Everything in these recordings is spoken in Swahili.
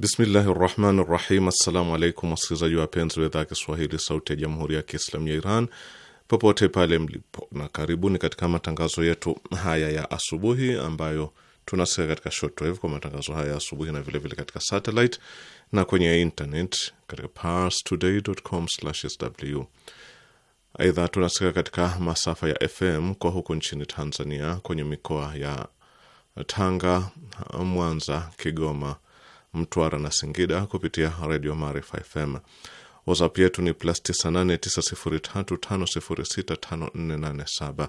Bismillahi rahmani rahim. Assalamu alaikum wasikilizaji wapenzi wa idhaa Kiswahili sauti ya jamhuri ya Kiislamu ya Iran popote pale mlipo, na karibuni katika matangazo yetu haya ya asubuhi ambayo tunasikia katika shortwave kwa matangazo haya ya asubuhi na vilevile vile katika satellite na kwenye internet katika parstoday.com/sw. Aidha, tunasikia katika masafa ya FM kwa huko nchini Tanzania kwenye mikoa ya Tanga, Mwanza, Kigoma, Mtwara na Singida kupitia redio Maarifa FM. WhatsApp yetu ni plus 989035065487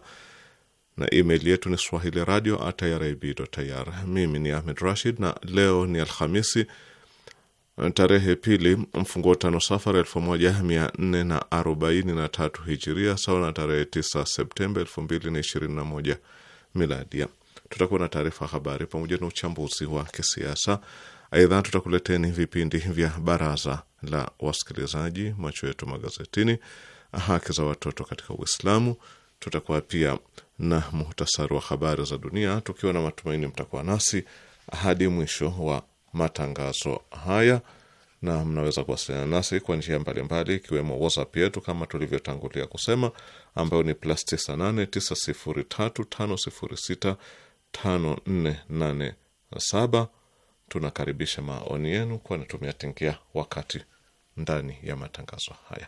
na email yetu ni swahili radio at irib.ir. Mimi ni Ahmed Rashid na leo ni Alhamisi tarehe pili mfungo tano Safari elfu moja mia nne na arobaini na tatu hijiria sawa na tarehe tisa Septemba elfu mbili na ishirini na moja miladia. Tutakuwa na taarifa habari pamoja na uchambuzi wa kisiasa Aidha, tutakuleteni vipindi vya baraza la wasikilizaji, macho yetu magazetini, haki za watoto katika Uislamu. Tutakuwa pia na muhtasari wa habari za dunia, tukiwa na matumaini mtakuwa nasi hadi mwisho wa matangazo haya, na mnaweza kuwasiliana nasi kwa njia mbalimbali, ikiwemo WhatsApp yetu kama tulivyotangulia kusema, ambayo ni plus 989035065487 Tunakaribisha maoni yenu kwa natumia tingia wakati ndani ya matangazo haya.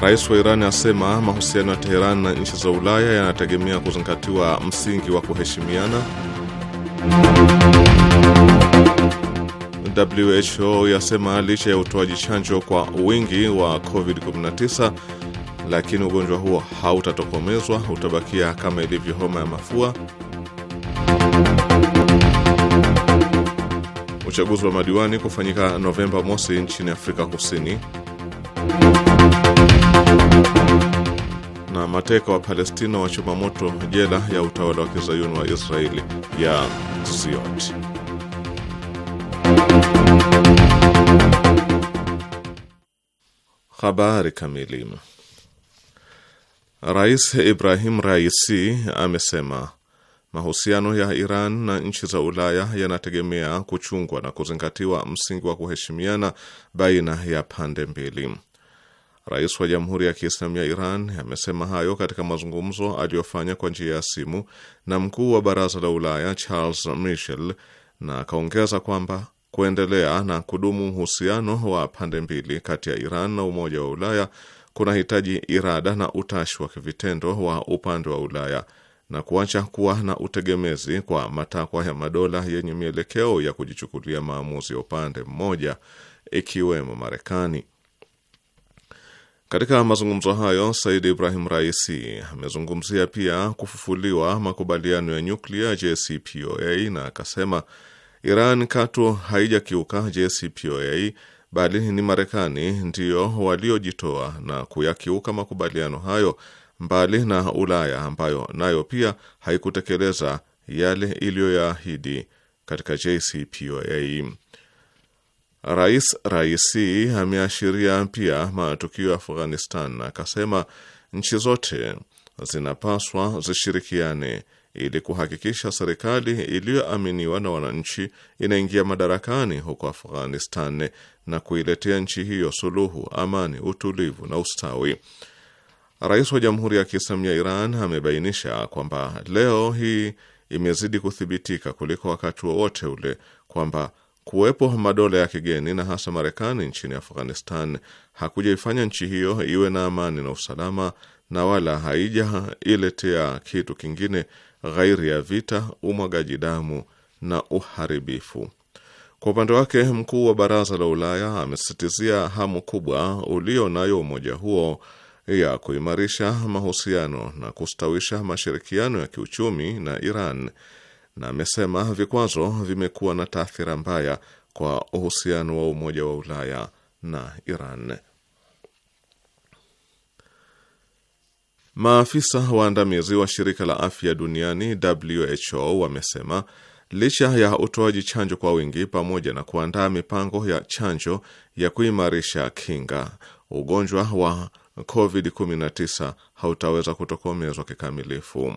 Rais wa Iran asema mahusiano ya Teheran na nchi za Ulaya yanategemea kuzingatiwa msingi wa kuheshimiana. WHO yasema licha ya utoaji chanjo kwa wingi wa COVID-19, lakini ugonjwa huo hautatokomezwa, utabakia kama ilivyo homa ya mafua. Uchaguzi wa madiwani kufanyika Novemba mosi nchini Afrika Kusini na mateka wa Palestina wachoma moto jela ya utawala wa kizayuni wa Israeli ya Ziot. Habari kamili. Rais Ibrahim Raisi amesema mahusiano ya Iran na nchi za Ulaya yanategemea kuchungwa na kuzingatiwa msingi wa kuheshimiana baina ya pande mbili. Rais wa Jamhuri ya Kiislamu ya Iran amesema hayo katika mazungumzo aliyofanya kwa njia ya simu na mkuu wa Baraza la Ulaya Charles Michel, na akaongeza kwamba kuendelea na kudumu uhusiano wa pande mbili kati ya Iran na Umoja wa Ulaya kuna hitaji irada na utashi wa kivitendo wa upande wa Ulaya na kuacha kuwa na utegemezi kwa matakwa ya madola yenye mielekeo ya kujichukulia maamuzi ya upande mmoja ikiwemo Marekani. Katika mazungumzo hayo Said Ibrahim Raisi amezungumzia pia kufufuliwa makubaliano ya nyuklia JCPOA na akasema Iran katu haijakiuka JCPOA bali ni Marekani ndiyo waliojitoa na kuyakiuka makubaliano hayo, mbali na Ulaya ambayo nayo pia haikutekeleza yale iliyoyaahidi katika JCPOA. Rais Raisi ameashiria pia matukio ya Afghanistan na akasema nchi zote zinapaswa zishirikiane ili kuhakikisha serikali iliyoaminiwa na wananchi inaingia madarakani huko Afghanistan na kuiletea nchi hiyo suluhu, amani, utulivu na ustawi. Rais wa Jamhuri ya Kiislamu ya Iran amebainisha kwamba leo hii imezidi kuthibitika kuliko wakati wowote ule kwamba Kuwepo madola ya kigeni na hasa Marekani nchini Afghanistan hakujaifanya nchi hiyo iwe na amani na usalama na wala haija iletea kitu kingine ghairi ya vita, umwagaji damu na uharibifu. Kwa upande wake, mkuu wa Baraza la Ulaya amesisitizia hamu kubwa ulio nayo umoja huo ya kuimarisha mahusiano na kustawisha mashirikiano ya kiuchumi na Iran na amesema vikwazo vimekuwa na taathira mbaya kwa uhusiano wa Umoja wa Ulaya na Iran. Maafisa waandamizi wa shirika la afya duniani WHO wamesema licha ya utoaji chanjo kwa wingi pamoja na kuandaa mipango ya chanjo ya kuimarisha kinga, ugonjwa wa COVID-19 hautaweza kutokomezwa kikamilifu.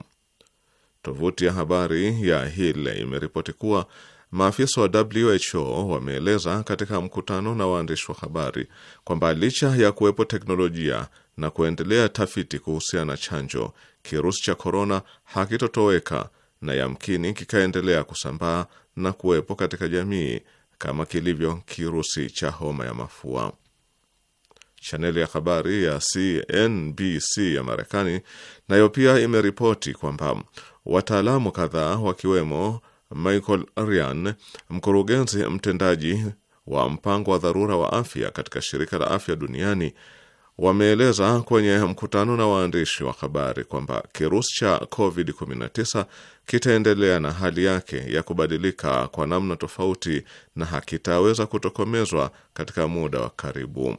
Tovuti ya habari ya hile imeripoti kuwa maafisa wa WHO wameeleza katika mkutano na waandishi wa habari kwamba licha ya kuwepo teknolojia na kuendelea tafiti kuhusiana na chanjo, kirusi cha korona hakitotoweka na yamkini kikaendelea kusambaa na kuwepo katika jamii kama kilivyo kirusi cha homa ya mafua. Chaneli ya habari ya CNBC ya Marekani nayo pia imeripoti kwamba Wataalamu kadhaa wakiwemo Michael Ryan, mkurugenzi mtendaji wa mpango wa dharura wa afya katika shirika la afya duniani, wameeleza kwenye mkutano na waandishi wa habari kwamba kirusi cha COVID-19 kitaendelea na hali yake ya kubadilika kwa namna tofauti na hakitaweza kutokomezwa katika muda wa karibu.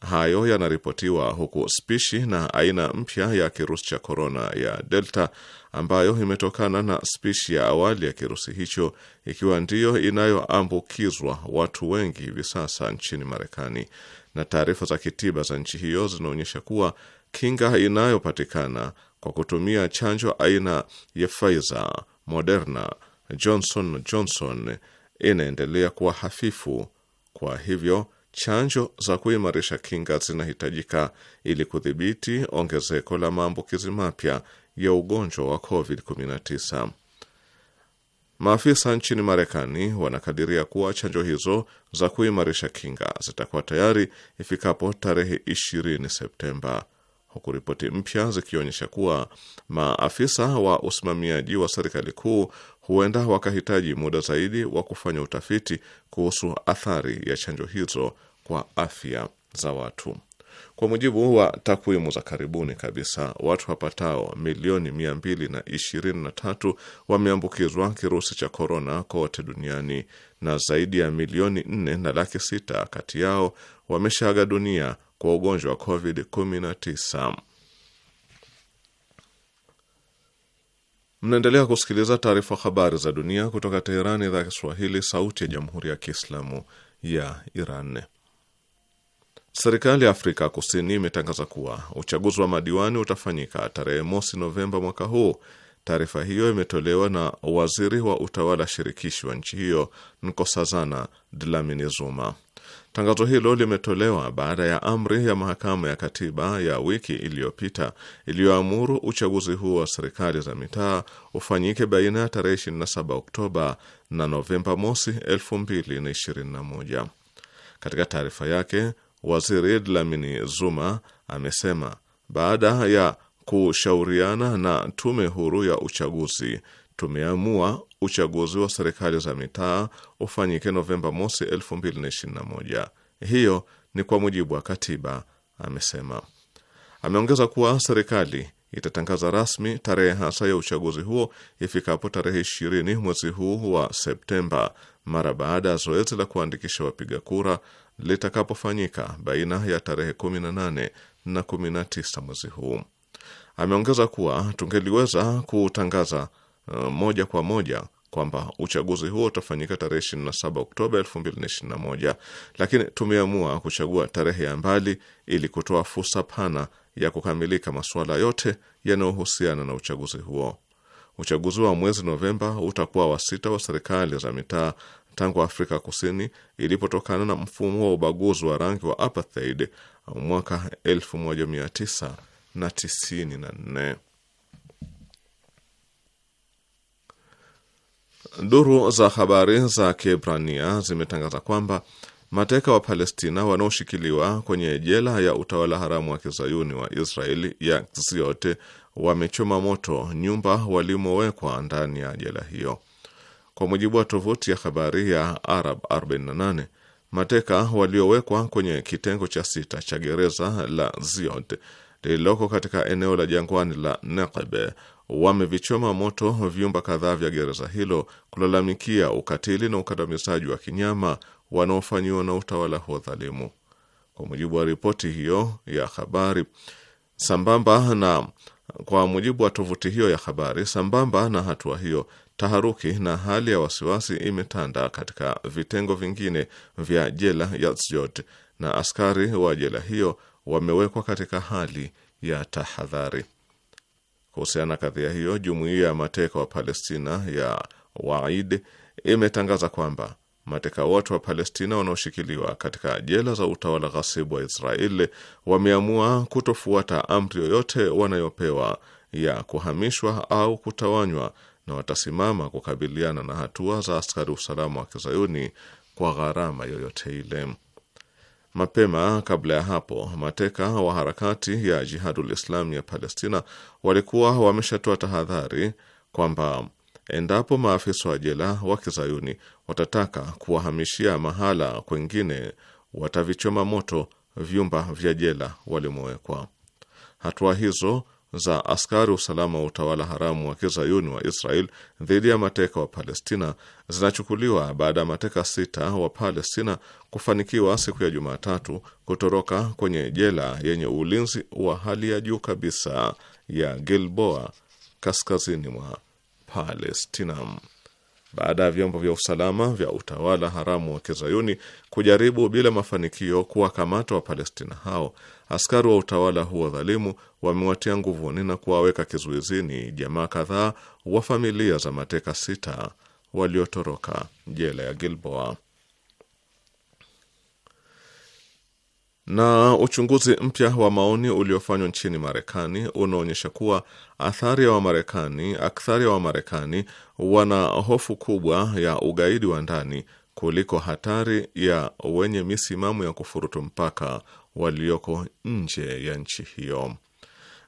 Hayo yanaripotiwa huku spishi na aina mpya ya kirusi cha korona ya Delta ambayo imetokana na spishi ya awali ya kirusi hicho ikiwa ndiyo inayoambukizwa watu wengi hivi sasa nchini Marekani, na taarifa za kitiba za nchi hiyo zinaonyesha kuwa kinga inayopatikana kwa kutumia chanjo aina ya Pfizer, Moderna, Johnson Johnson inaendelea kuwa hafifu. Kwa hivyo chanjo za kuimarisha kinga zinahitajika ili kudhibiti ongezeko la maambukizi mapya ya ugonjwa wa COVID-19. Maafisa nchini Marekani wanakadiria kuwa chanjo hizo za kuimarisha kinga zitakuwa tayari ifikapo tarehe 20 Septemba, huku ripoti mpya zikionyesha kuwa maafisa wa usimamiaji wa serikali kuu huenda wakahitaji muda zaidi wa kufanya utafiti kuhusu athari ya chanjo hizo kwa afya za watu. Kwa mujibu wa takwimu za karibuni kabisa, watu wapatao milioni mia mbili na ishirini na tatu wameambukizwa kirusi cha korona kote duniani na zaidi ya milioni nne na laki sita kati yao wameshaaga dunia kwa ugonjwa wa COVID-19. Mnaendelea kusikiliza taarifa habari za dunia kutoka Teherani, idhaa ya Kiswahili, sauti ya jamhuri ya kiislamu ya Iran. Serikali ya Afrika Kusini imetangaza kuwa uchaguzi wa madiwani utafanyika tarehe mosi Novemba mwaka huu. Taarifa hiyo imetolewa na waziri wa utawala shirikishi wa nchi hiyo Nkosazana Dlamini Zuma. Tangazo hilo limetolewa baada ya amri ya mahakama ya katiba ya wiki iliyopita iliyoamuru uchaguzi huo wa serikali za mitaa ufanyike baina ya tarehe 27 Oktoba na Novemba mosi 2021. Katika taarifa yake Waziri Dlamini Zuma amesema baada ya kushauriana na tume huru ya uchaguzi tumeamua uchaguzi wa serikali za mitaa ufanyike Novemba mosi 2021. Hiyo ni kwa mujibu wa katiba, amesema. Ameongeza kuwa serikali itatangaza rasmi tarehe hasa ya uchaguzi huo ifikapo tarehe 20 mwezi huu wa Septemba, mara baada ya zoezi la kuandikisha wapiga kura litakapofanyika baina ya tarehe 18 na 19 mwezi huu. Ameongeza kuwa tungeliweza kutangaza uh, moja kwa moja kwamba uchaguzi huo utafanyika tarehe 27 Oktoba 2021, lakini tumeamua kuchagua tarehe ya mbali ili kutoa fursa pana ya kukamilika masuala yote yanayohusiana na uchaguzi huo. Uchaguzi wa mwezi Novemba utakuwa wa sita wa serikali za mitaa tangu Afrika Kusini ilipotokana na mfumo wa ubaguzi wa rangi wa apartheid mwaka 1994. Duru za habari za Kiebrania zimetangaza kwamba mateka wa Palestina wanaoshikiliwa kwenye jela ya utawala haramu wa kizayuni wa Israeli ya Ziote wamechoma moto nyumba walimowekwa ndani ya jela hiyo. Kwa mujibu wa tovuti ya habari ya Arab 48, mateka waliowekwa kwenye kitengo cha sita cha gereza la Ziod lililoko katika eneo la jangwani la Neqeb wamevichoma moto vyumba kadhaa vya gereza hilo kulalamikia ukatili na ukandamizaji wa kinyama wanaofanyiwa na utawala huo dhalimu. Kwa mujibu wa ripoti hiyo ya habari sambamba na kwa mujibu wa tovuti hiyo ya habari, sambamba na hatua hiyo, Taharuki na hali ya wasiwasi imetanda katika vitengo vingine vya jela ya Zyod na askari wa jela hiyo wamewekwa katika hali ya tahadhari. Kuhusiana na kadhia hiyo, jumuiya ya mateka wa Palestina ya Waid imetangaza kwamba mateka wote wa Palestina wanaoshikiliwa katika jela za utawala ghasibu wa Israeli wameamua kutofuata amri yoyote wanayopewa ya kuhamishwa au kutawanywa na watasimama kukabiliana na hatua za askari usalama wa kizayuni kwa gharama yoyote ile. Mapema kabla ya hapo, mateka wa harakati ya Jihadul islam ya Palestina walikuwa wameshatoa tahadhari kwamba endapo maafisa wa jela wa kizayuni watataka kuwahamishia mahala kwengine, watavichoma moto vyumba vya jela walimowekwa. Hatua hizo za askari usalama wa utawala haramu wa kizayuni wa Israel dhidi ya mateka wa Palestina zinachukuliwa baada ya mateka sita wa Palestina kufanikiwa siku ya Jumatatu kutoroka kwenye jela yenye ulinzi wa hali ya juu kabisa ya Gilboa kaskazini mwa Palestina baada ya vyombo vya usalama vya utawala haramu wa kizayuni kujaribu bila mafanikio kuwakamata Wapalestina hao. Askari wa utawala huo dhalimu wamewatia nguvuni na kuwaweka kizuizini jamaa kadhaa wa familia za mateka sita waliotoroka jela ya Gilboa. Na uchunguzi mpya wa maoni uliofanywa nchini Marekani unaonyesha kuwa athari ya Wamarekani akthari ya Wamarekani wana hofu kubwa ya ugaidi wa ndani kuliko hatari ya wenye misimamo ya kufurutu mpaka walioko nje ya nchi hiyo.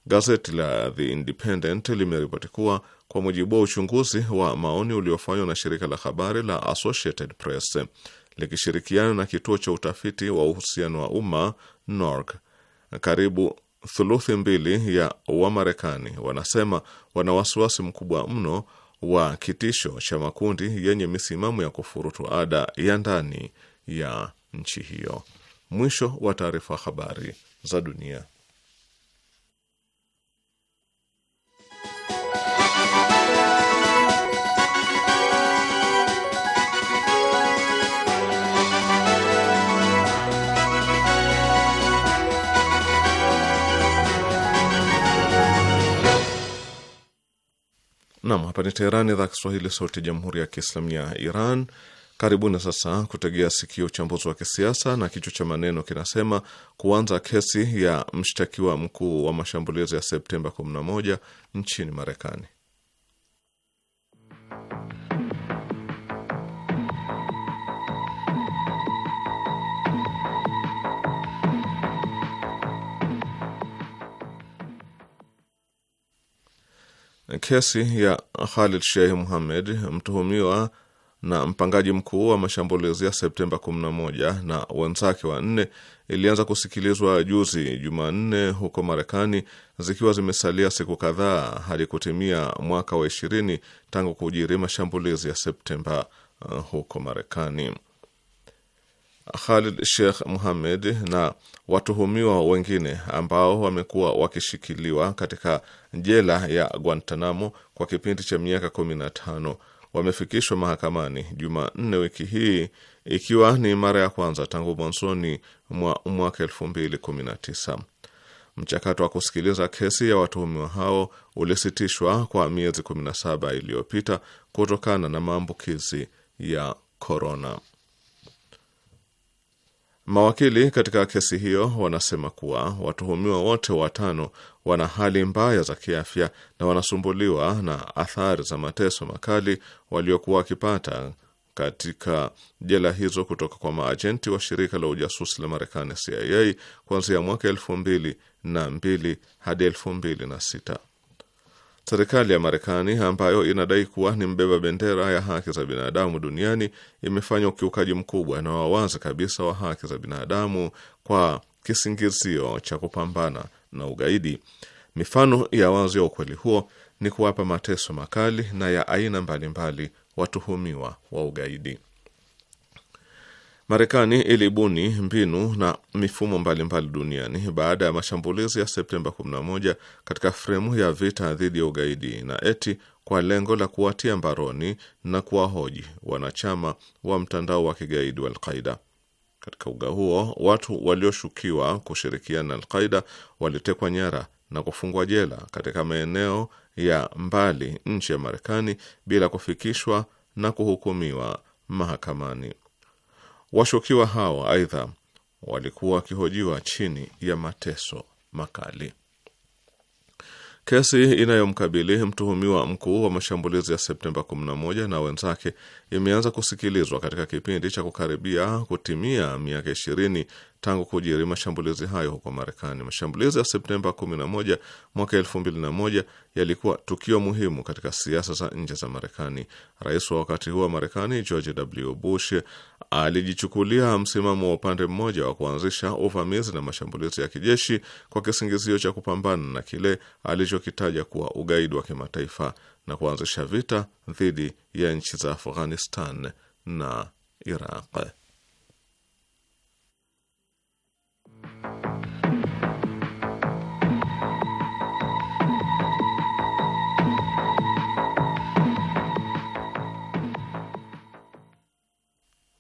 Gazeti la The Independent limeripoti kuwa kwa mujibu wa uchunguzi wa maoni uliofanywa na shirika la habari la Associated Press likishirikiana na kituo cha utafiti wa uhusiano wa umma NORC, karibu thuluthi mbili ya Wamarekani wanasema wana wasiwasi mkubwa mno wa kitisho cha makundi yenye misimamo ya kufurutu ada ya ndani ya nchi hiyo. Mwisho wa taarifa. Habari za dunia. Nam, hapa ni Teherani, idhaa Kiswahili, sauti ya jamhuri ya kiislamu ya Iran. Karibuni sasa kutegea sikio uchambuzi wa kisiasa na kichwa cha maneno kinasema kuanza kesi ya mshtakiwa mkuu wa mashambulizi ya Septemba 11 nchini Marekani. Kesi ya Khalid Sheikh Muhammad mtuhumiwa na mpangaji mkuu wa mashambulizi ya Septemba 11 na wenzake wanne ilianza kusikilizwa juzi Jumanne huko Marekani, zikiwa zimesalia siku kadhaa hadi kutimia mwaka wa ishirini tangu kujiri mashambulizi ya Septemba uh, huko Marekani. Khalid Sheikh Mohammed na watuhumiwa wengine ambao wamekuwa wakishikiliwa katika jela ya Guantanamo kwa kipindi cha miaka 15 wamefikishwa mahakamani Jumanne wiki hii ikiwa ni mara ya kwanza tangu mwanzoni mwa mwaka tisa. Mchakato wa kusikiliza kesi ya watuhumiwa hao ulisitishwa kwa miezi 17 iliyopita kutokana na maambukizi ya korona. Mawakili katika kesi hiyo wanasema kuwa watuhumiwa wote watano wana hali mbaya za kiafya na wanasumbuliwa na athari za mateso makali waliokuwa wakipata katika jela hizo kutoka kwa maajenti wa shirika la ujasusi la Marekani CIA kuanzia mwaka elfu mbili na mbili hadi elfu mbili na sita. Serikali ya Marekani ambayo inadai kuwa ni mbeba bendera ya haki za binadamu duniani imefanya ukiukaji mkubwa na wawazi kabisa wa haki za binadamu kwa kisingizio cha kupambana na ugaidi. Mifano ya wazi ya ukweli huo ni kuwapa mateso makali na ya aina mbalimbali watuhumiwa wa ugaidi. Marekani ilibuni mbinu na mifumo mbalimbali duniani baada ya mashambulizi ya Septemba 11 katika fremu ya vita dhidi ya ugaidi na eti kwa lengo la kuwatia mbaroni na kuwahoji wanachama wa mtandao wa kigaidi wa Alqaida. Katika uga huo watu walioshukiwa kushirikiana na Alqaida walitekwa nyara na kufungwa jela katika maeneo ya mbali nchi ya Marekani bila kufikishwa na kuhukumiwa mahakamani. Washukiwa hao aidha walikuwa wakihojiwa chini ya mateso makali. Kesi inayomkabili mtuhumiwa mkuu wa mashambulizi ya Septemba 11 na wenzake imeanza kusikilizwa katika kipindi cha kukaribia kutimia miaka 20 tangu kujiri mashambulizi hayo huko Marekani. Mashambulizi ya Septemba 11 mwaka 2001 yalikuwa tukio muhimu katika siasa za nje za Marekani. Rais wa wakati huo wa Marekani George W. Bush alijichukulia msimamo wa upande mmoja wa kuanzisha uvamizi na mashambulizi ya kijeshi kwa kisingizio cha kupambana na kile alichokitaja kuwa ugaidi wa kimataifa na kuanzisha vita dhidi ya nchi za Afghanistan na Iraq.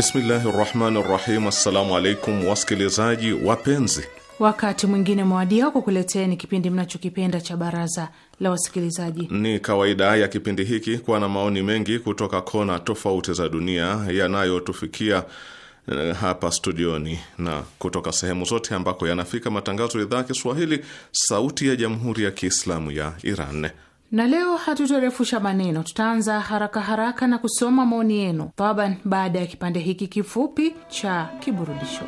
Bismillahi rahmani rahim. Assalamu alaikum wasikilizaji wapenzi, wakati mwingine mwadia kukuleteni kipindi mnachokipenda cha baraza la wasikilizaji. Ni kawaida ya kipindi hiki kuwa na maoni mengi kutoka kona tofauti za dunia yanayotufikia eh, hapa studioni na kutoka sehemu zote ambako yanafika matangazo ya idhaa ya Kiswahili, Sauti ya Jamhuri ya Kiislamu ya Iran na leo hatutorefusha maneno, tutaanza haraka haraka na kusoma maoni yenu taban, baada ya kipande hiki kifupi cha kiburudisho.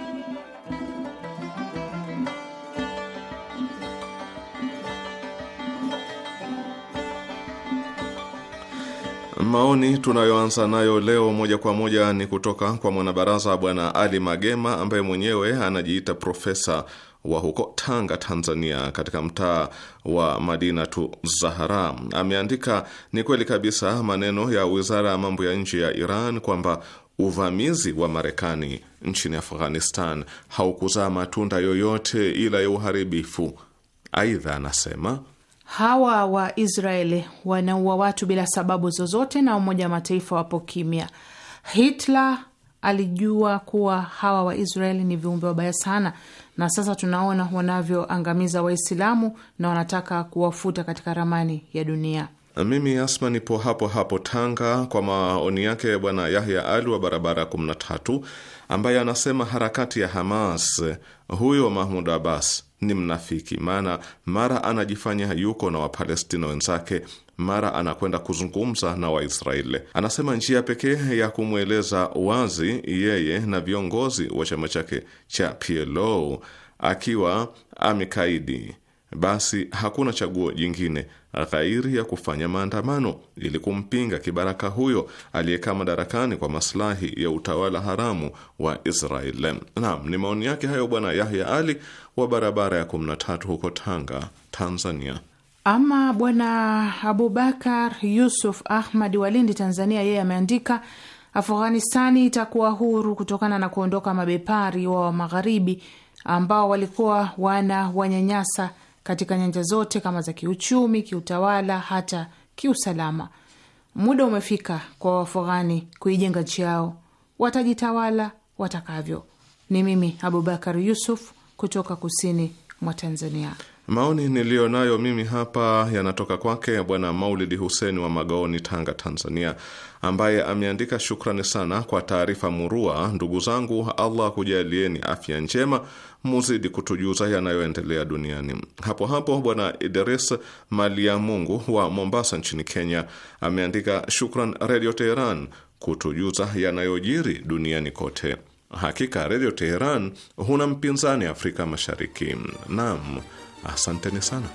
Maoni tunayoanza nayo leo moja kwa moja ni kutoka kwa mwanabaraza Bwana Ali Magema ambaye mwenyewe anajiita profesa wa huko Tanga, Tanzania, katika mtaa wa Madinatu Zahara ameandika, ni kweli kabisa maneno ya wizara ya mambo ya nje ya Iran kwamba uvamizi wa Marekani nchini Afghanistan haukuzaa matunda yoyote ila ya uharibifu. Aidha anasema hawa wa Israeli wanaua watu bila sababu zozote, na Umoja wa Mataifa wapo kimya. Hitler alijua kuwa hawa wa Israeli ni viumbe wabaya sana na sasa tunaona wanavyoangamiza Waislamu na wanataka kuwafuta katika ramani ya dunia. Mimi Asma nipo hapo hapo Tanga, kwa maoni yake Bwana Yahya Ali wa barabara 13 ambaye anasema harakati ya Hamas, huyo Mahmud Abbas ni mnafiki, maana mara anajifanya yuko na Wapalestina wenzake mara anakwenda kuzungumza na Waisraeli. Anasema njia pekee ya kumweleza wazi yeye na viongozi wa chama chake cha PLO akiwa amekaidi, basi hakuna chaguo jingine ghairi ya kufanya maandamano ili kumpinga kibaraka huyo aliyekaa madarakani kwa maslahi ya utawala haramu wa israel Naam, ni maoni yake hayo Bwana Yahya Ali wa barabara ya tatu huko Tanga, Tanzania. Ama bwana Abubakar Yusuf Ahmad wa Lindi, Tanzania, yeye ameandika Afghanistani itakuwa huru kutokana na kuondoka mabepari wa, magharibi ambao walikuwa wana wanyanyasa katika nyanja zote kama za kiuchumi, kiutawala, hata kiusalama. Muda umefika kwa Waafghani kuijenga nchi yao, watajitawala watakavyo. Ni mimi Abubakar Yusuf kutoka kusini mwa Tanzania. Maoni niliyo nayo mimi hapa yanatoka kwake Bwana Maulidi Huseni wa Magaoni, Tanga, Tanzania, ambaye ameandika shukrani sana kwa taarifa murua. Ndugu zangu, Allah kujalieni afya njema, muzidi kutujuza yanayoendelea duniani. Hapo hapo Bwana Idris Mali ya Mungu wa Mombasa nchini Kenya ameandika shukran Redio Teheran kutujuza yanayojiri duniani kote. Hakika Redio Teheran huna mpinzani Afrika Mashariki. Naam. Asanteni sana.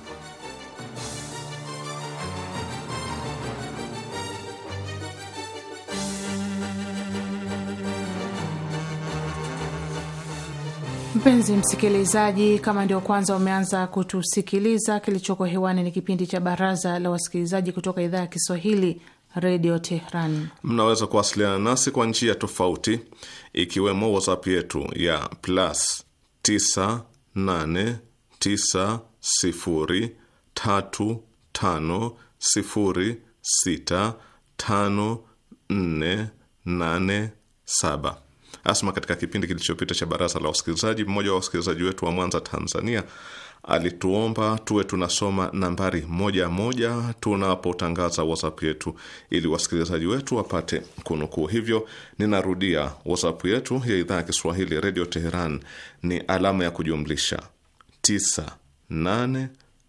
Mpenzi msikilizaji, kama ndio kwanza umeanza kutusikiliza, kilichoko hewani ni kipindi cha Baraza la Wasikilizaji kutoka idhaa ya Kiswahili Redio Tehran. Mnaweza kuwasiliana nasi kwa njia tofauti, ikiwemo WhatsApp yetu ya plus 98 tisa sifuri tatu tano sifuri sita tano nne nane saba. Asma, katika kipindi kilichopita cha baraza la wasikilizaji, mmoja wa wasikilizaji wetu wa Mwanza, Tanzania, alituomba tuwe tunasoma nambari moja moja tunapotangaza WhatsApp yetu ili wasikilizaji wetu wapate kunukuu. Hivyo ninarudia, WhatsApp yetu ya idhaa ya Kiswahili Redio Teheran ni alama ya kujumlisha tisa nane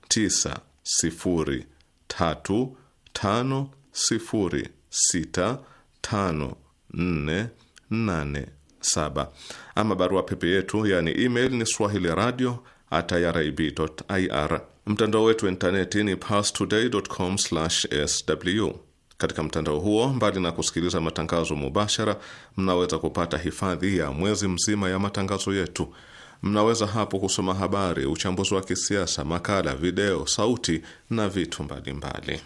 tisa sifuri tatu tano sifuri sita tano nne nane saba. Ama barua pepe yetu yaani email ni swahili radio at irib.ir. Mtandao wetu wa intaneti ni parstoday.com/sw. Katika mtandao huo, mbali na kusikiliza matangazo mubashara, mnaweza kupata hifadhi ya mwezi mzima ya matangazo yetu Mnaweza hapo kusoma habari, uchambuzi wa kisiasa, makala, video, sauti na vitu mbalimbali.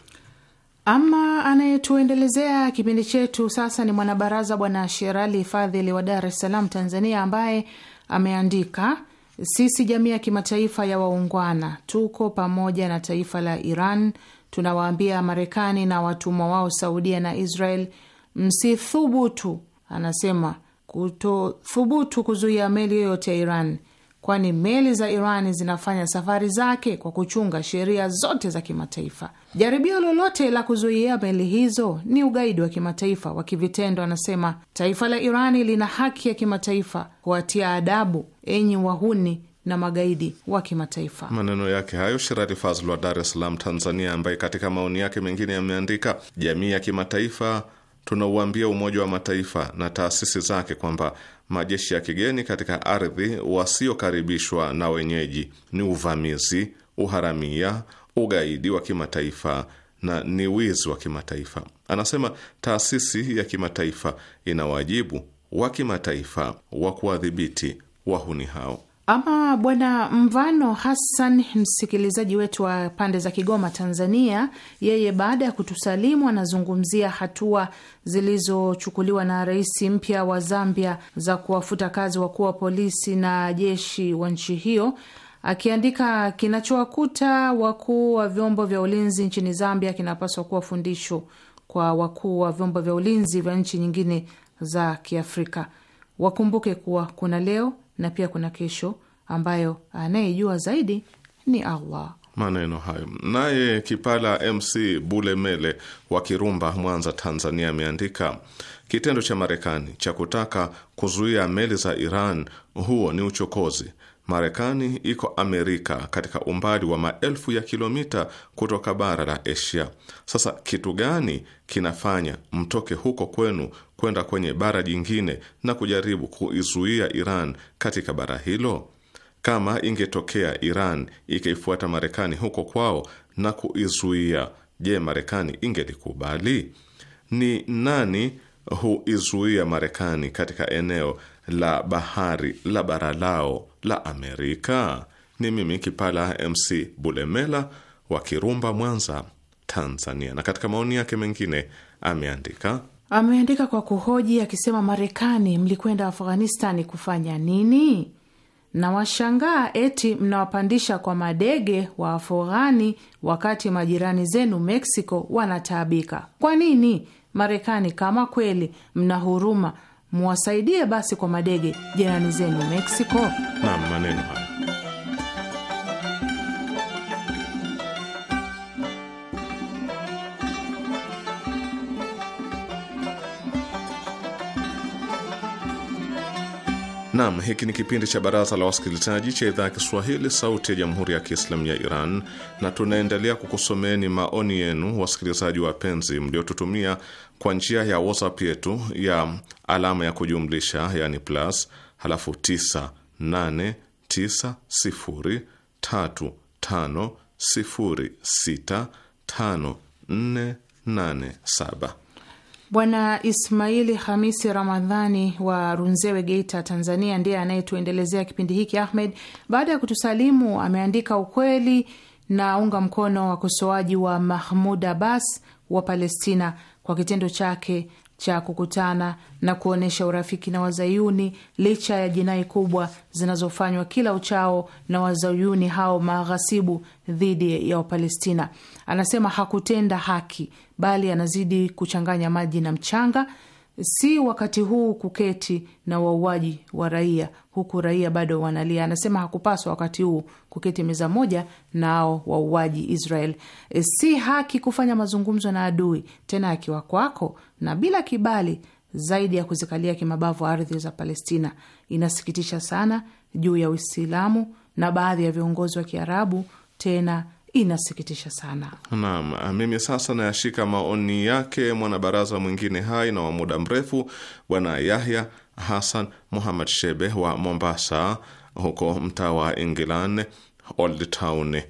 Ama anayetuendelezea kipindi chetu sasa ni mwanabaraza Bwana Sherali Fadhili wa Dar es Salaam, Tanzania, ambaye ameandika sisi jamii ya kimataifa ya waungwana tuko pamoja na taifa la Iran. Tunawaambia Marekani na watumwa wao Saudia na Israel, msithubutu, anasema kutothubutu kuzuia meli yoyote ya Iran, kwani meli za Iran zinafanya safari zake kwa kuchunga sheria zote za kimataifa. Jaribio lolote la kuzuia meli hizo ni ugaidi wa kimataifa wa kivitendo, anasema. Taifa la Irani lina haki ya kimataifa kuwatia adabu enyi wahuni na magaidi wa kimataifa. Maneno yake hayo Shirari Fazl wa Dar es Salaam, Tanzania, ambaye katika maoni yake mengine yameandika jamii ya kimataifa tunauambia Umoja wa Mataifa na taasisi zake kwamba majeshi ya kigeni katika ardhi wasiokaribishwa na wenyeji ni uvamizi, uharamia, ugaidi wa kimataifa na ni wizi wa kimataifa. Anasema taasisi ya kimataifa ina wajibu wa kimataifa wa kuwadhibiti wahuni hao. Ama bwana Mvano Hassan, msikilizaji wetu wa pande za Kigoma, Tanzania, yeye baada ya kutusalimu anazungumzia hatua zilizochukuliwa na rais mpya wa Zambia za kuwafuta kazi wakuu wa polisi na jeshi wa nchi hiyo, akiandika, kinachowakuta wakuu wa vyombo vya ulinzi nchini Zambia kinapaswa kuwa fundisho kwa wakuu wa vyombo vya ulinzi vya nchi nyingine za Kiafrika. Wakumbuke kuwa kuna leo na pia kuna kesho ambayo anayejua zaidi ni Allah. Maneno hayo naye Kipala MC Bulemele wa Kirumba, Mwanza, Tanzania, ameandika kitendo cha Marekani cha kutaka kuzuia meli za Iran, huo ni uchokozi. Marekani iko Amerika katika umbali wa maelfu ya kilomita kutoka bara la Asia. Sasa kitu gani kinafanya mtoke huko kwenu kwenda kwenye bara jingine na kujaribu kuizuia Iran katika bara hilo? Kama ingetokea Iran ikaifuata Marekani huko kwao na kuizuia, je, Marekani ingelikubali? Ni nani huizuia Marekani katika eneo la bahari la bara lao la Amerika? Ni mimi Kipala MC Bulemela wa Kirumba, Mwanza, Tanzania. Na katika maoni yake mengine ameandika ameandika kwa kuhoji akisema, Marekani mlikwenda Afghanistani kufanya nini? na washangaa eti mnawapandisha kwa madege wa Afghani wakati majirani zenu Meksiko wanataabika. Kwa nini Marekani, kama kweli mna huruma, mwasaidie basi kwa madege jirani zenu Mexico. Naam, maneno haya Nam, hiki ni kipindi cha Baraza la Wasikilizaji cha idhaa ya Kiswahili, Sauti ya Jamhuri ya Kiislamu ya Iran, na tunaendelea kukusomeeni maoni yenu, wasikilizaji wapenzi, mliotutumia kwa njia ya WhatsApp yetu ya alama ya kujumlisha, yani plus halafu 989035065487. Bwana Ismaili Hamisi Ramadhani wa Runzewe, Geita, Tanzania, ndiye anayetuendelezea kipindi hiki. Ahmed, baada ya kutusalimu, ameandika ukweli na unga mkono wakosoaji wa Mahmud Abbas wa Palestina kwa kitendo chake cha kukutana na kuonyesha urafiki na Wazayuni licha ya jinai kubwa zinazofanywa kila uchao na Wazayuni hao maghasibu dhidi ya Wapalestina. Anasema hakutenda haki, bali anazidi kuchanganya maji na mchanga. Si wakati huu kuketi na wauaji wa raia, huku raia bado wanalia. Anasema hakupaswa wakati huu kuketi meza moja nao wauaji Israel. E, si haki kufanya mazungumzo na adui, tena akiwa kwako na bila kibali, zaidi ya kuzikalia kimabavu ardhi za Palestina. Inasikitisha sana juu ya Uislamu na baadhi ya viongozi wa Kiarabu tena inasikitisha sana. Naam, mimi sasa nayashika maoni yake mwanabaraza mwingine hai na wa muda mrefu Bwana Yahya Hasan Muhammad Shebe wa Mombasa, huko mtaa wa England Old Town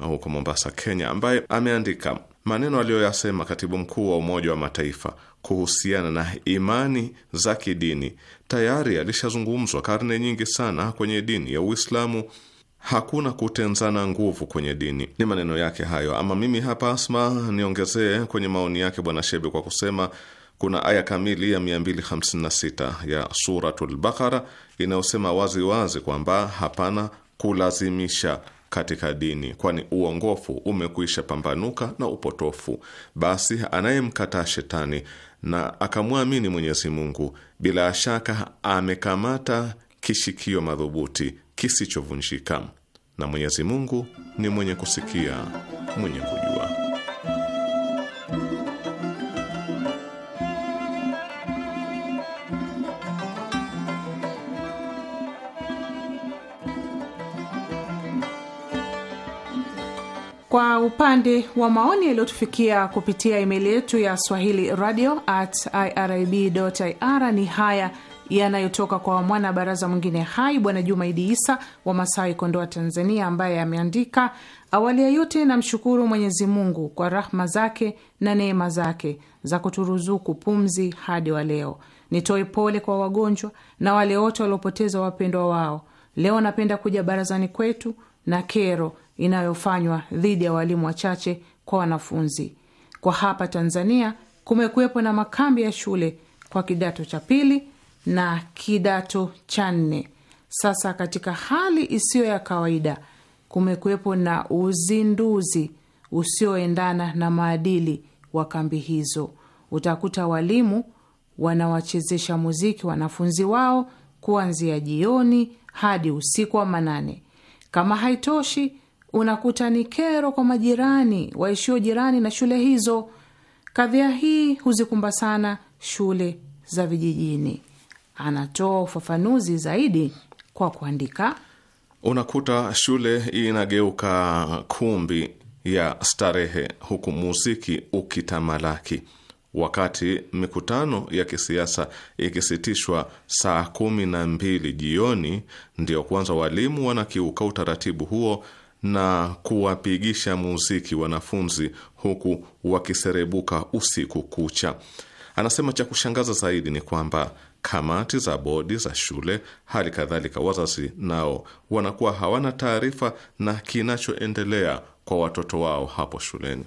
huko Mombasa, Kenya, ambaye ameandika maneno aliyoyasema katibu mkuu wa Umoja wa Mataifa kuhusiana na imani za kidini tayari alishazungumzwa karne nyingi sana kwenye dini ya Uislamu hakuna kutenzana nguvu kwenye dini. Ni maneno yake hayo. Ama mimi hapa Asma, niongezee kwenye maoni yake Bwana Shebe kwa kusema kuna aya kamili ya 256 ya Suratul inayosema wazi wazi kwamba hapana kulazimisha katika dini, kwani uongofu umekwisha pambanuka na upotofu. Basi anayemkataa shetani na akamwamini Mwenyezi Mungu, bila shaka amekamata kishikio madhubuti kisichovunjika, na Mwenyezi Mungu ni mwenye kusikia, mwenye kujua. Kwa upande wa maoni yaliyotufikia kupitia email yetu ya swahili radio at irib.ir ni haya yanayotoka kwa mwana baraza mwingine hai Bwana Juma Idi Isa wa Masawi, Kondoa, Tanzania, ambaye ameandika: awali ya yote namshukuru Mwenyezi Mungu kwa rahma zake na neema zake za kuturuzuku pumzi hadi wa leo. Nitoe pole kwa wagonjwa na wale wote waliopoteza wapendwa wao. Leo napenda kuja barazani kwetu na kero inayofanywa dhidi ya walimu wachache kwa wanafunzi. Kwa hapa Tanzania kumekuwepo na makambi ya shule kwa kidato cha pili na kidato cha nne. Sasa katika hali isiyo ya kawaida, kumekuwepo na uzinduzi usioendana na maadili wa kambi hizo. Utakuta walimu wanawachezesha muziki wanafunzi wao kuanzia jioni hadi usiku wa manane. Kama haitoshi, unakuta ni kero kwa majirani waishio jirani na shule hizo. Kadhia hii huzikumba sana shule za vijijini anatoa ufafanuzi zaidi kwa kuandika, unakuta shule inageuka kumbi ya starehe, huku muziki ukitamalaki, wakati mikutano ya kisiasa ikisitishwa saa kumi na mbili jioni, ndiyo kwanza walimu wanakiuka utaratibu huo na kuwapigisha muziki wanafunzi huku wakiserebuka usiku kucha. Anasema cha kushangaza zaidi ni kwamba kamati za bodi za shule, hali kadhalika wazazi nao wanakuwa hawana taarifa na kinachoendelea kwa watoto wao hapo shuleni.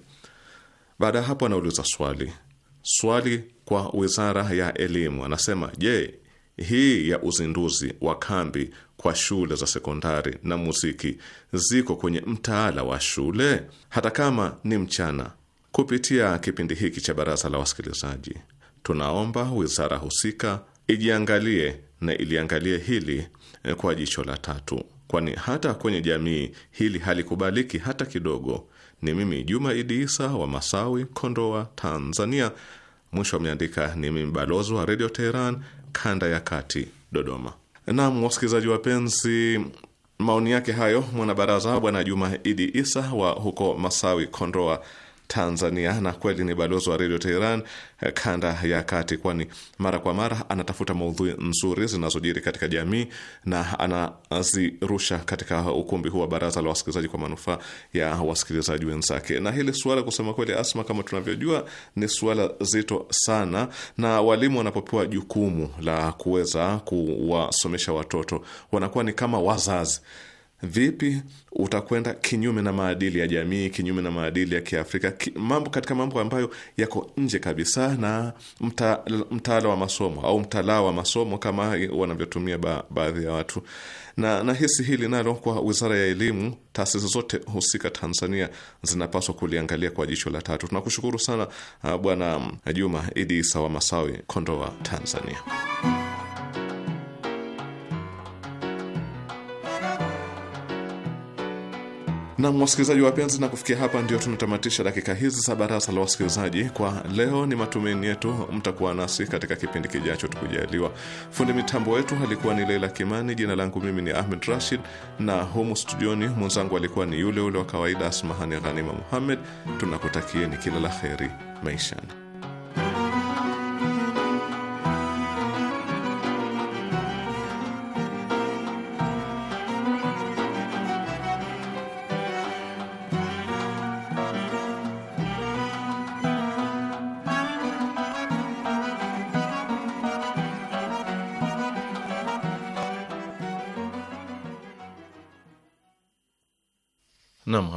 Baada ya hapo, anauliza swali swali kwa wizara ya elimu, anasema: Je, hii ya uzinduzi wa kambi kwa shule za sekondari na muziki ziko kwenye mtaala wa shule, hata kama ni mchana? Kupitia kipindi hiki cha Baraza la Wasikilizaji, tunaomba wizara husika ijiangalie na iliangalie hili eh, kwa jicho la tatu, kwani hata kwenye jamii hili halikubaliki hata kidogo. Ni mimi Juma Idi Isa wa Masawi, Kondoa, Tanzania. Mwisho ameandika ni mimi balozi wa Redio Teheran kanda ya kati, Dodoma. Naam, wasikilizaji wapenzi, maoni yake hayo mwanabaraza Bwana Juma Idi Isa wa huko Masawi, Kondoa Tanzania na kweli ni balozi wa redio Teheran eh, kanda ya kati, kwani mara kwa mara anatafuta maudhui nzuri zinazojiri katika jamii na anazirusha katika ukumbi huu wa baraza la wasikilizaji kwa manufaa ya wasikilizaji wenzake. Na hili suala kusema kweli, Asma, kama tunavyojua, ni suala zito sana, na walimu wanapopewa jukumu la kuweza kuwasomesha watoto wanakuwa ni kama wazazi vipi utakwenda kinyume na maadili ya jamii, kinyume na maadili ya Kiafrika ki, mambo katika mambo ambayo yako nje kabisa na mta, mtaala wa masomo au mtalaa wa masomo kama wanavyotumia ba, baadhi ya watu, na nahisi hili nalo kwa Wizara ya Elimu, taasisi zote husika Tanzania zinapaswa kuliangalia kwa jicho la tatu. Tunakushukuru sana ah, Bwana Juma Idi Masawi, Kondoa, Tanzania. na wasikilizaji wapenzi, na kufikia hapa ndio tunatamatisha dakika hizi za baraza la wasikilizaji kwa leo. Ni matumaini yetu mtakuwa nasi katika kipindi kijacho, tukujaliwa. Fundi mitambo wetu alikuwa ni Leila Kimani, jina langu mimi ni Ahmed Rashid, na humu studioni mwenzangu alikuwa ni yule ule wa kawaida Asmahani Ghanima Muhammed. Tunakutakieni kila la kheri maishani.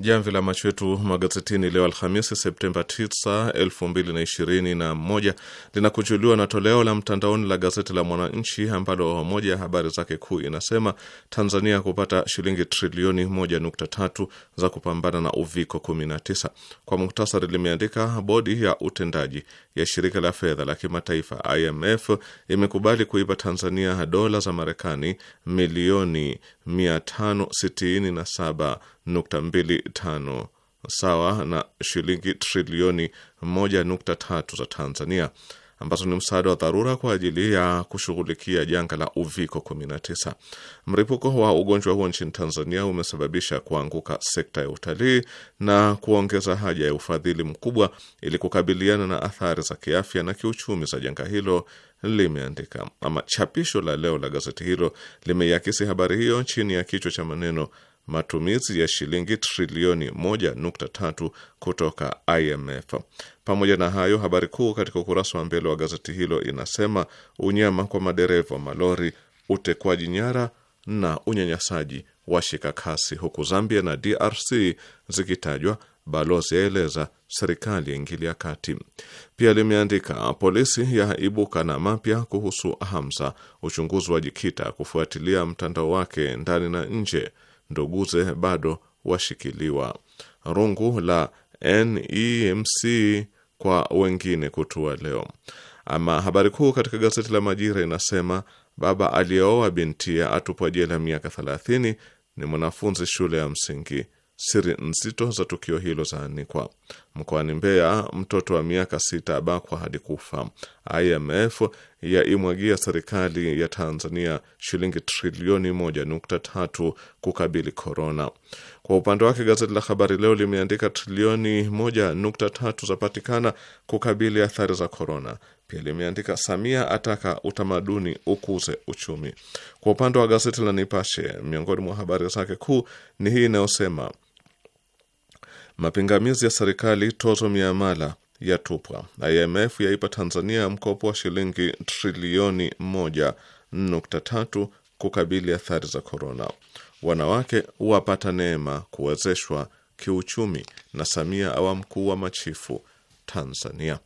Jamvi la macho yetu magazetini leo Alhamisi, Septemba 9, 2021 linakujuliwa na toleo la mtandaoni la gazeti la Mwananchi ambalo moja ya habari zake kuu inasema Tanzania kupata shilingi trilioni 1.3 za kupambana na uviko 19. Kwa muktasari limeandika bodi ya utendaji ya shirika la fedha la kimataifa IMF imekubali kuipa Tanzania dola za Marekani milioni 567 1.25 sawa na shilingi trilioni 1.3 za Tanzania ambazo ni msaada wa dharura kwa ajili ya kushughulikia janga la uviko 19. Mlipuko wa ugonjwa huo nchini Tanzania umesababisha kuanguka sekta ya utalii na kuongeza haja ya ufadhili mkubwa ili kukabiliana na athari za kiafya na kiuchumi za janga hilo, limeandika. Ama chapisho la leo la gazeti hilo limeiakisi habari hiyo chini ya kichwa cha maneno matumizi ya shilingi trilioni 1.3 kutoka IMF. Pamoja na hayo, habari kuu katika ukurasa wa mbele wa gazeti hilo inasema unyama kwa madereva malori, utekwaji nyara na unyanyasaji washika kasi, huku Zambia na DRC zikitajwa. Balozi yaeleza serikali ingilia kati. Pia limeandika polisi ya ibuka na mapya kuhusu Hamza, uchunguzi wa jikita kufuatilia mtandao wake ndani na nje nduguze bado washikiliwa. Rungu la NEMC kwa wengine kutua leo. Ama habari kuu katika gazeti la Majira inasema baba aliyeoa bintia atupwa jela miaka 30 ni mwanafunzi shule ya msingi siri nzito za tukio hilo zaanikwa. Mkoani Mbeya, mtoto wa miaka sita abakwa hadi kufa. IMF yaimwagia serikali ya Tanzania shilingi trilioni moja nukta tatu kukabili korona. Kwa upande wake gazeti la Habari Leo limeandika trilioni moja nukta tatu zapatikana kukabili athari za korona. Pia limeandika Samia ataka utamaduni ukuze uchumi. Kwa upande wa gazeti la Nipashe, miongoni mwa habari zake kuu ni hii inayosema Mapingamizi ya serikali tozo miamala yatupwa. IMF yaipa Tanzania mkopo wa shilingi trilioni 1.3 kukabili athari za korona. Wanawake wapata neema kuwezeshwa kiuchumi na Samia awa mkuu wa machifu Tanzania.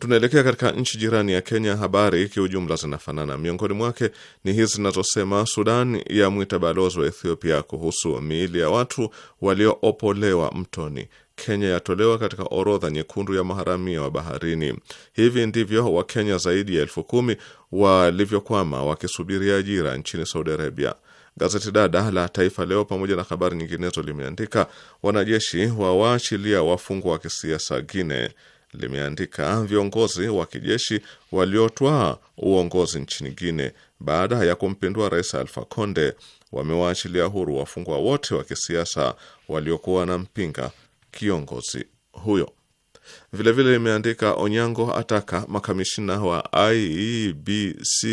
Tunaelekea katika nchi jirani ya Kenya. Habari kiujumla zinafanana, miongoni mwake ni hizi zinazosema Sudan ya mwita balozi wa Ethiopia kuhusu miili ya watu walioopolewa mtoni. Kenya yatolewa katika orodha nyekundu ya maharamia wa baharini. Hivi ndivyo Wakenya zaidi ya elfu kumi walivyokwama wakisubiria ajira nchini Saudi Arabia. Gazeti dada la Taifa Leo pamoja na habari nyinginezo limeandika wanajeshi wawaachilia wafungwa wa kisiasa Guine limeandika viongozi wa kijeshi waliotwaa uongozi nchini Guine baada ya kumpindua Rais Alfa Conde wamewaachilia huru wafungwa wote wa kisiasa waliokuwa na mpinga kiongozi huyo. Vilevile limeandika Onyango ataka makamishina wa IEBC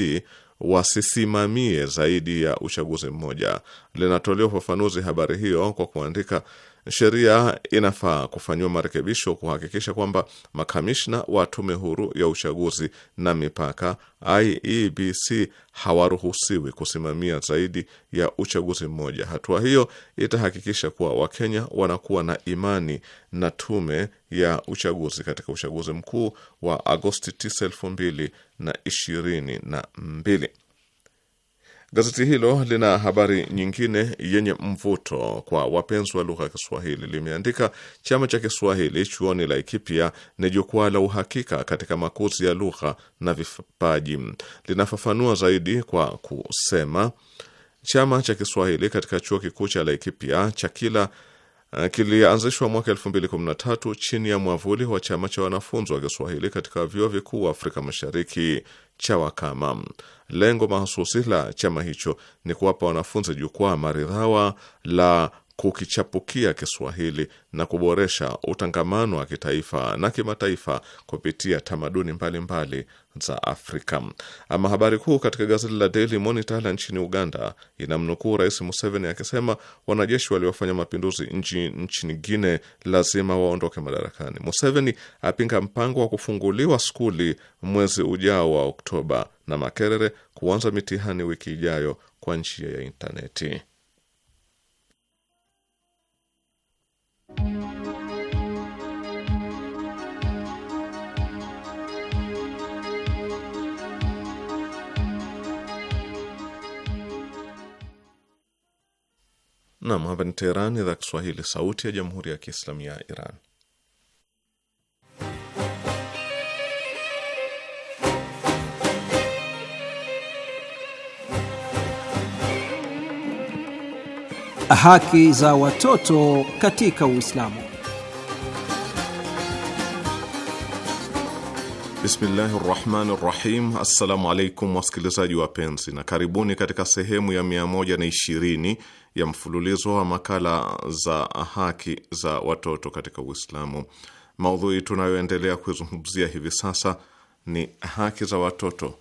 wasisimamie zaidi ya uchaguzi mmoja. Linatolea ufafanuzi habari hiyo kwa kuandika sheria inafaa kufanyiwa marekebisho kuhakikisha kwamba makamishna wa tume huru ya uchaguzi na mipaka IEBC hawaruhusiwi kusimamia zaidi ya uchaguzi mmoja. Hatua hiyo itahakikisha kuwa Wakenya wanakuwa na imani na tume ya uchaguzi katika uchaguzi mkuu wa Agosti 9, 2022. Gazeti hilo lina habari nyingine yenye mvuto kwa wapenzi wa lugha ya Kiswahili. Limeandika chama cha Kiswahili chuoni Laikipia ni jukwaa la uhakika katika makuzi ya lugha na vipaji. Linafafanua zaidi kwa kusema chama cha Kiswahili katika chuo kikuu cha Laikipia cha kila Eh, kilianzishwa mwaka tatu chini ya mwavuli wa chama cha wanafunzi wa Kiswahili katika vyuo vikuu wa Afrika Mashariki cha Wakama. Lengo mahususi la chama hicho ni kuwapa wanafunzi jukwaa maridhawa la kukichapukia Kiswahili na kuboresha utangamano wa kitaifa na kimataifa kupitia tamaduni mbalimbali mbali za Afrika. Ama habari kuu katika gazeti la Daily Monitor la nchini Uganda inamnukuu Rais Museveni akisema wanajeshi waliofanya mapinduzi nchi nchini Guine lazima waondoke madarakani. Museveni apinga mpango wa kufunguliwa skuli mwezi ujao wa Oktoba na Makerere kuanza mitihani wiki ijayo kwa njia ya intaneti. Nam, hapa ni Teherani, idhaa Kiswahili, sauti ya jamhuri ya kiislamu ya Iran. Haki za watoto katika Uislamu. Bismillahi rahmani rahim. Assalamu alaikum wasikilizaji wapenzi, na karibuni katika sehemu ya 120 ya mfululizo wa makala za haki za watoto katika Uislamu. Maudhui tunayoendelea kuizungumzia hivi sasa ni haki za watoto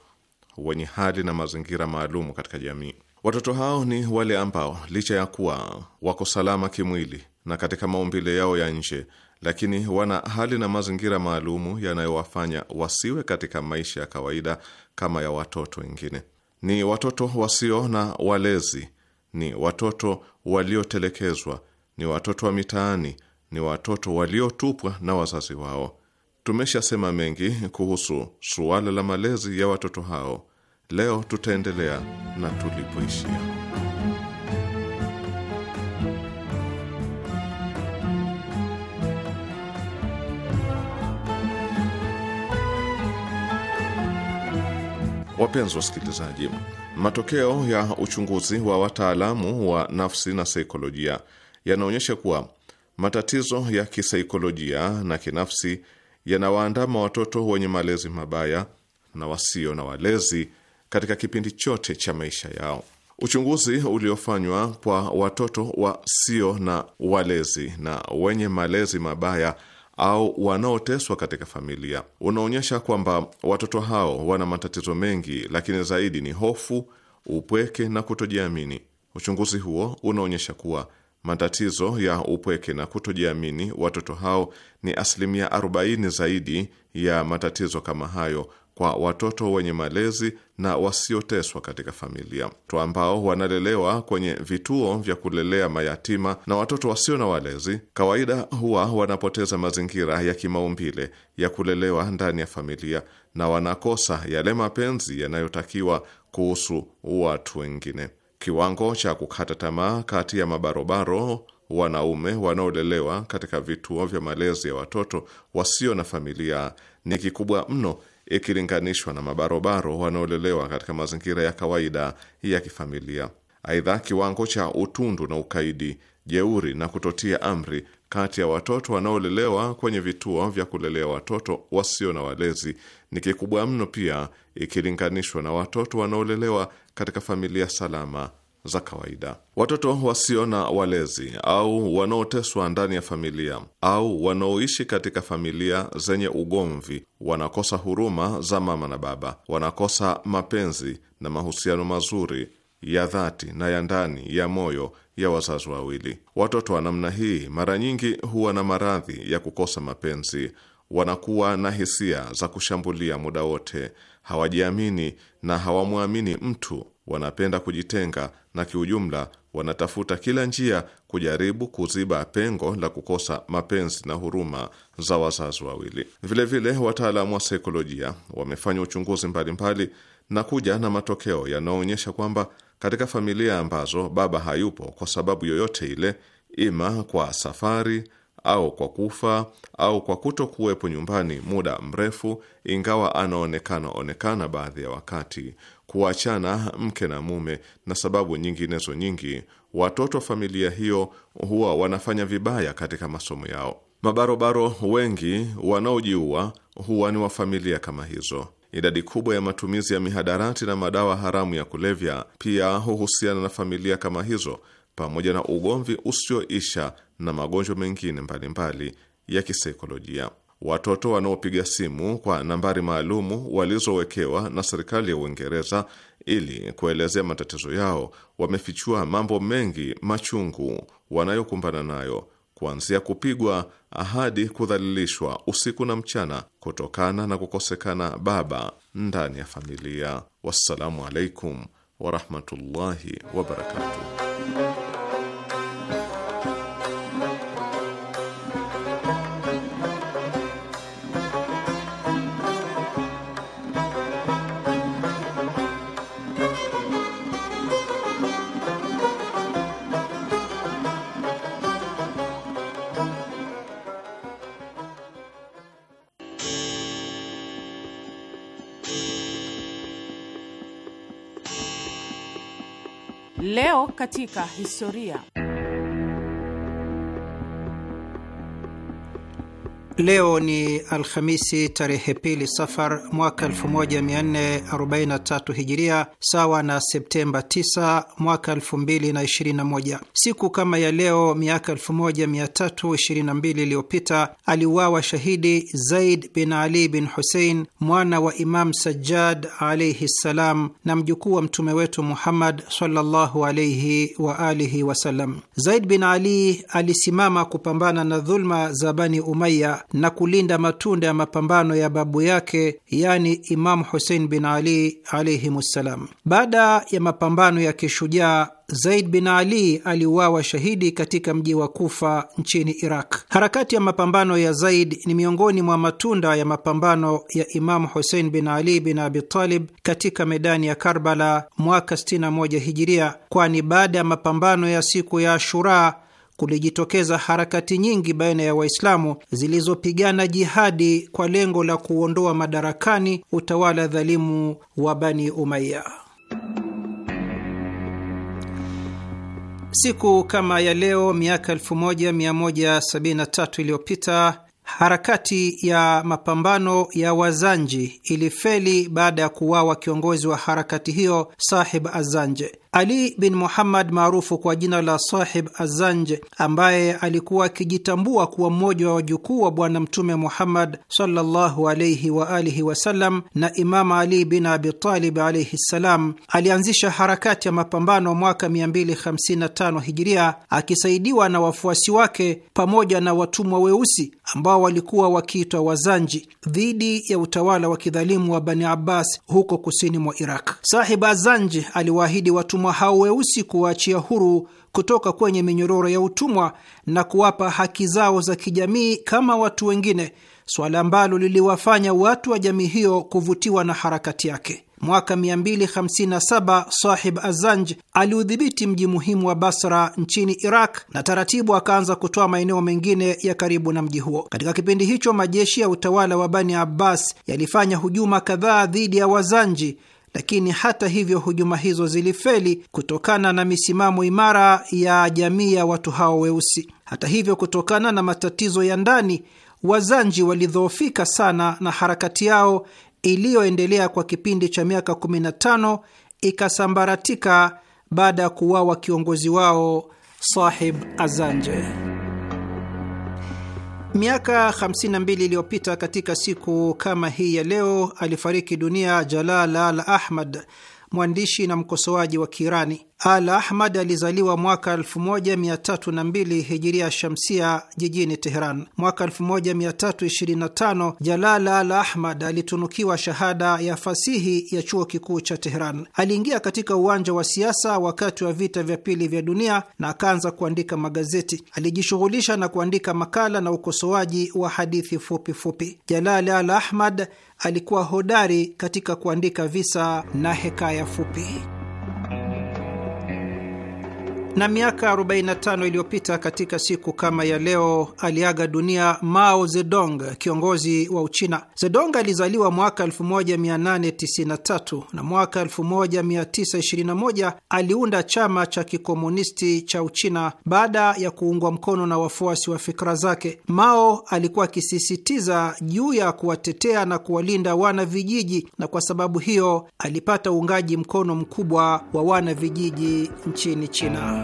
wenye hali na mazingira maalum katika jamii. Watoto hao ni wale ambao licha ya kuwa wako salama kimwili na katika maumbile yao ya nje, lakini wana hali na mazingira maalumu yanayowafanya wasiwe katika maisha ya kawaida kama ya watoto wengine. Ni watoto wasio na walezi ni watoto waliotelekezwa, ni watoto wa mitaani, ni watoto waliotupwa na wazazi wao. Tumeshasema mengi kuhusu suala la malezi ya watoto hao. Leo tutaendelea na tulipoishia. Wapenzi wasikilizaji Matokeo ya uchunguzi wa wataalamu wa nafsi na saikolojia yanaonyesha kuwa matatizo ya kisaikolojia na kinafsi yanawaandama watoto wenye malezi mabaya na wasio na walezi katika kipindi chote cha maisha yao. Uchunguzi uliofanywa kwa watoto wasio na walezi na wenye malezi mabaya au wanaoteswa katika familia unaonyesha kwamba watoto hao wana matatizo mengi, lakini zaidi ni hofu, upweke na kutojiamini. Uchunguzi huo unaonyesha kuwa matatizo ya upweke na kutojiamini watoto hao ni asilimia 40 zaidi ya matatizo kama hayo kwa watoto wenye malezi na wasioteswa katika familia, watu ambao wanalelewa kwenye vituo vya kulelea mayatima na watoto wasio na walezi, kawaida huwa wanapoteza mazingira ya kimaumbile ya kulelewa ndani ya familia na wanakosa yale mapenzi yanayotakiwa kuhusu watu wengine. Kiwango cha kukata tamaa kati ya mabarobaro wanaume wanaolelewa katika vituo vya malezi ya watoto wasio na familia ni kikubwa mno ikilinganishwa na mabarobaro wanaolelewa katika mazingira ya kawaida ya kifamilia. Aidha, kiwango cha utundu na ukaidi, jeuri na kutotia amri kati ya watoto wanaolelewa kwenye vituo vya kulelea watoto wasio na walezi ni kikubwa mno pia ikilinganishwa na watoto wanaolelewa katika familia salama za kawaida. Watoto wasio na walezi au wanaoteswa ndani ya familia au wanaoishi katika familia zenye ugomvi wanakosa huruma za mama na baba, wanakosa mapenzi na mahusiano mazuri ya dhati na ya ndani ya moyo ya wazazi wawili. Watoto wa namna hii mara nyingi huwa na maradhi ya kukosa mapenzi, wanakuwa na hisia za kushambulia muda wote, hawajiamini na hawamwamini mtu wanapenda kujitenga na kiujumla wanatafuta kila njia kujaribu kuziba pengo la kukosa mapenzi na huruma za wazazi wawili. Vilevile, wataalamu wa saikolojia wamefanya uchunguzi mbalimbali mbali na kuja na matokeo yanayoonyesha kwamba katika familia ambazo baba hayupo kwa sababu yoyote ile, ima kwa safari au kwa kufa au kwa kuto kuwepo nyumbani muda mrefu, ingawa anaonekana onekana baadhi ya wakati kuachana mke na mume na sababu nyinginezo nyingi, watoto wa familia hiyo huwa wanafanya vibaya katika masomo yao. Mabarobaro wengi wanaojiua huwa ni wa familia kama hizo. Idadi kubwa ya matumizi ya mihadarati na madawa haramu ya kulevya pia huhusiana na familia kama hizo, pamoja na ugomvi usioisha na magonjwa mengine mbalimbali ya kisaikolojia watoto wanaopiga simu kwa nambari maalumu walizowekewa na serikali ya Uingereza ili kuelezea matatizo yao wamefichua mambo mengi machungu wanayokumbana nayo kuanzia kupigwa hadi kudhalilishwa usiku na mchana kutokana na kukosekana baba ndani ya familia. Wassalamu alaikum warahmatullahi wabarakatuh. katika historia. Leo ni Alhamisi tarehe pili Safar mwaka 1443 Hijiria, sawa na Septemba 9 mwaka 2021. Siku kama ya leo miaka 1322 iliyopita aliuawa shahidi Zaid bin Ali bin Husein, mwana wa Imam Sajjad alaihi ssalam, na mjukuu wa mtume wetu Muhammad sallallahu alaihi wa alihi wasallam. Zaid bin Ali alisimama kupambana na dhulma za Bani Umaya na kulinda matunda ya mapambano ya babu yake, yani Imamu Husein bin Ali ssalam Baada ya mapambano ya kishujaa Zaid bin Ali aliuawa shahidi katika mji wa Kufa nchini Iraq. Harakati ya mapambano ya Zaid ni miongoni mwa matunda ya mapambano ya Imamu Husein bin Ali bin Abi Talib katika medani ya Karbala mwaka 61 Hijiria, kwani baada ya mapambano ya siku ya Ashura kulijitokeza harakati nyingi baina ya Waislamu zilizopigana jihadi kwa lengo la kuondoa madarakani utawala dhalimu wa Bani Umaya. Siku kama ya leo miaka 1173 iliyopita harakati ya mapambano ya Wazanji ilifeli baada ya kuwawa kiongozi wa harakati hiyo Sahib Azanje. Ali bin Muhammad maarufu kwa jina la Sahib Azanj, ambaye alikuwa akijitambua kuwa mmoja wa wajukuu wa Bwana Mtume Muhammad sallallahu alaihi wa alihi wasallam na Imam Ali bin Abitalib alaihi ssalam, alianzisha harakati ya mapambano mwaka 255 Hijiria akisaidiwa na wafuasi wake pamoja na watumwa weusi ambao walikuwa wakiitwa Wazanji dhidi ya utawala wa kidhalimu wa Bani Abbas huko kusini mwa Iraq. Sahib Azanj aliwaahidi watumwa watumwa hao weusi kuwaachia huru kutoka kwenye minyororo ya utumwa na kuwapa haki zao za kijamii kama watu wengine, suala ambalo liliwafanya watu wa jamii hiyo kuvutiwa na harakati yake. Mwaka 257 Sahib Azanj aliudhibiti mji muhimu wa Basra nchini Iraq na taratibu akaanza kutoa maeneo mengine ya karibu na mji huo. Katika kipindi hicho, majeshi ya utawala wa Bani Abbas yalifanya hujuma kadhaa dhidi ya Wazanji lakini hata hivyo hujuma hizo zilifeli kutokana na misimamo imara ya jamii ya watu hao weusi. Hata hivyo, kutokana na matatizo ya ndani, Wazanji walidhoofika sana na harakati yao iliyoendelea kwa kipindi cha miaka 15 ikasambaratika baada ya kuuawa kiongozi wao Sahib Azanje. Miaka 52 iliyopita katika siku kama hii ya leo alifariki dunia Jalal al Ahmad, mwandishi na mkosoaji wa Kiirani. Al Ahmad alizaliwa mwaka 1302 hijiria shamsia jijini Teheran. Mwaka 1325 Jalal Al Ahmad alitunukiwa shahada ya fasihi ya chuo kikuu cha Teheran. Aliingia katika uwanja wa siasa wakati wa vita vya pili vya dunia na akaanza kuandika magazeti. Alijishughulisha na kuandika makala na ukosoaji wa hadithi fupi fupi. Jalal Al Ahmad alikuwa hodari katika kuandika visa na hekaya fupi. Na miaka 45 iliyopita katika siku kama ya leo aliaga dunia Mao Zedong, kiongozi wa Uchina. Zedong alizaliwa mwaka 1893 na mwaka 1921 aliunda chama cha kikomunisti cha Uchina baada ya kuungwa mkono na wafuasi wa fikra zake. Mao alikuwa akisisitiza juu ya kuwatetea na kuwalinda wana vijiji, na kwa sababu hiyo alipata uungaji mkono mkubwa wa wana vijiji nchini China.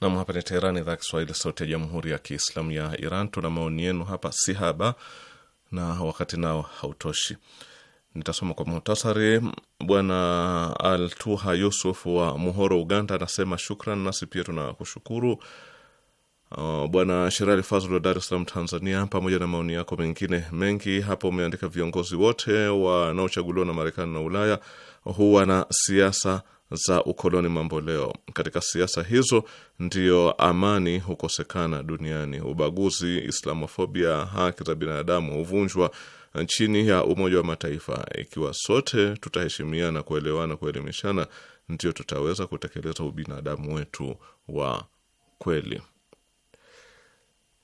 Nam, hapa ni teheran idhaa Kiswahili, sauti ya jamhuri ya kiislamu ya Iran. Tuna maoni yenu hapa si haba, na wakati nao hautoshi. Nitasoma kwa muhtasari. Bwana Altuha Yusuf wa Muhoro, Uganda, anasema shukran. Nasi pia tunakushukuru. Uh, Bwana Sherali Fazl wa Dar es Salaam, Tanzania, pamoja na maoni yako mengine mengi hapo, umeandika viongozi wote wanaochaguliwa na Marekani na Ulaya huwa na siasa za ukoloni mamboleo. Katika siasa hizo ndiyo amani hukosekana duniani, ubaguzi, islamofobia, haki za binadamu huvunjwa chini ya Umoja wa Mataifa. Ikiwa sote tutaheshimiana, kuelewana, kuelimishana, ndio tutaweza kutekeleza ubinadamu wetu wa kweli.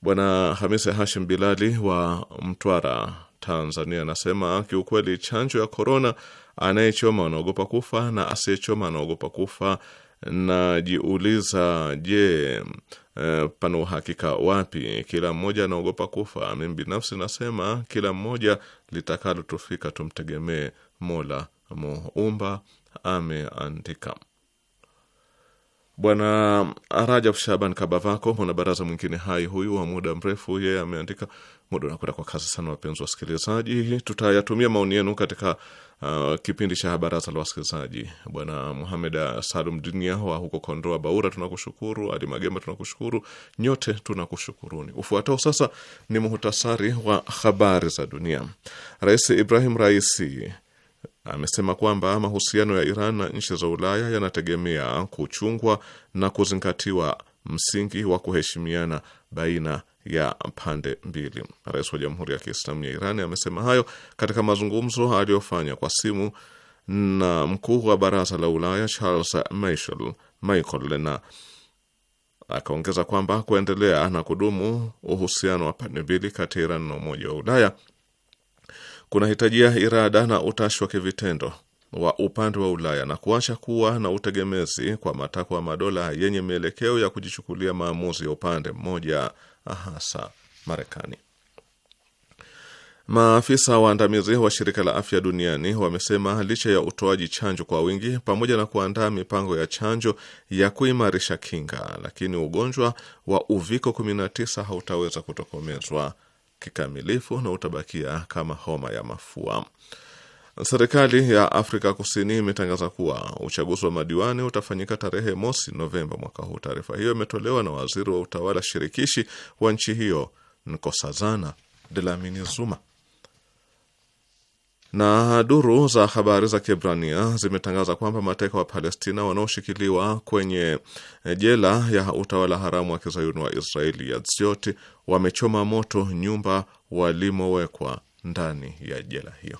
Bwana Hamisi Hashim Bilali wa Mtwara, Tanzania, anasema kiukweli, chanjo ya korona Anayechoma anaogopa kufa na asiyechoma anaogopa kufa. Najiuliza, je, e, pana uhakika wapi? Kila mmoja anaogopa kufa. Mimi binafsi nasema kila mmoja litakalotufika tumtegemee Mola Muumba, ameandika Bwana Rajab Shaban Kabavako, mwana baraza mwingine hai huyu wa muda mrefu. Yeye ameandika Muda unakwenda kwa kasi sana, wapenzi wa wasikilizaji. Tutayatumia maoni yenu katika uh, kipindi cha baraza la wasikilizaji. Bwana Muhamed Salum Dunia wa huko Kondoa Baura, tunakushukuru. Ali Magema, tunakushukuru. Nyote tunakushukuruni. Ufuatao sasa ni muhtasari wa habari za dunia. Rais Ibrahim Raisi amesema kwamba mahusiano ya Iran na nchi za Ulaya yanategemea kuchungwa na kuzingatiwa msingi wa kuheshimiana baina ya pande mbili. Rais wa Jamhuri ya Kiislamu ya Iran amesema hayo katika mazungumzo aliyofanya kwa simu na mkuu wa Baraza la Ulaya Charles Michel, Michael Lena. Akaongeza kwamba kuendelea na kudumu uhusiano wa pande mbili kati ya Iran na Umoja wa Ulaya kunahitajia irada na utashi wa kivitendo wa upande wa Ulaya na kuacha kuwa na utegemezi kwa matakwa madola yenye mielekeo ya kujichukulia maamuzi ya upande mmoja hasa Marekani. Maafisa waandamizi wa shirika la afya duniani wamesema licha ya utoaji chanjo kwa wingi pamoja na kuandaa mipango ya chanjo ya kuimarisha kinga, lakini ugonjwa wa uviko 19 hautaweza kutokomezwa kikamilifu na utabakia kama homa ya mafua. Serikali ya Afrika Kusini imetangaza kuwa uchaguzi wa madiwani utafanyika tarehe mosi Novemba mwaka huu. Taarifa hiyo imetolewa na waziri wa utawala shirikishi wa nchi hiyo Nkosazana Dlamini Zuma. Na duru za habari za Kiebrania zimetangaza kwamba mateka wa Palestina wanaoshikiliwa kwenye jela ya utawala haramu wa kizayuni wa Israeli Yazioti wamechoma moto nyumba walimowekwa ndani ya jela hiyo.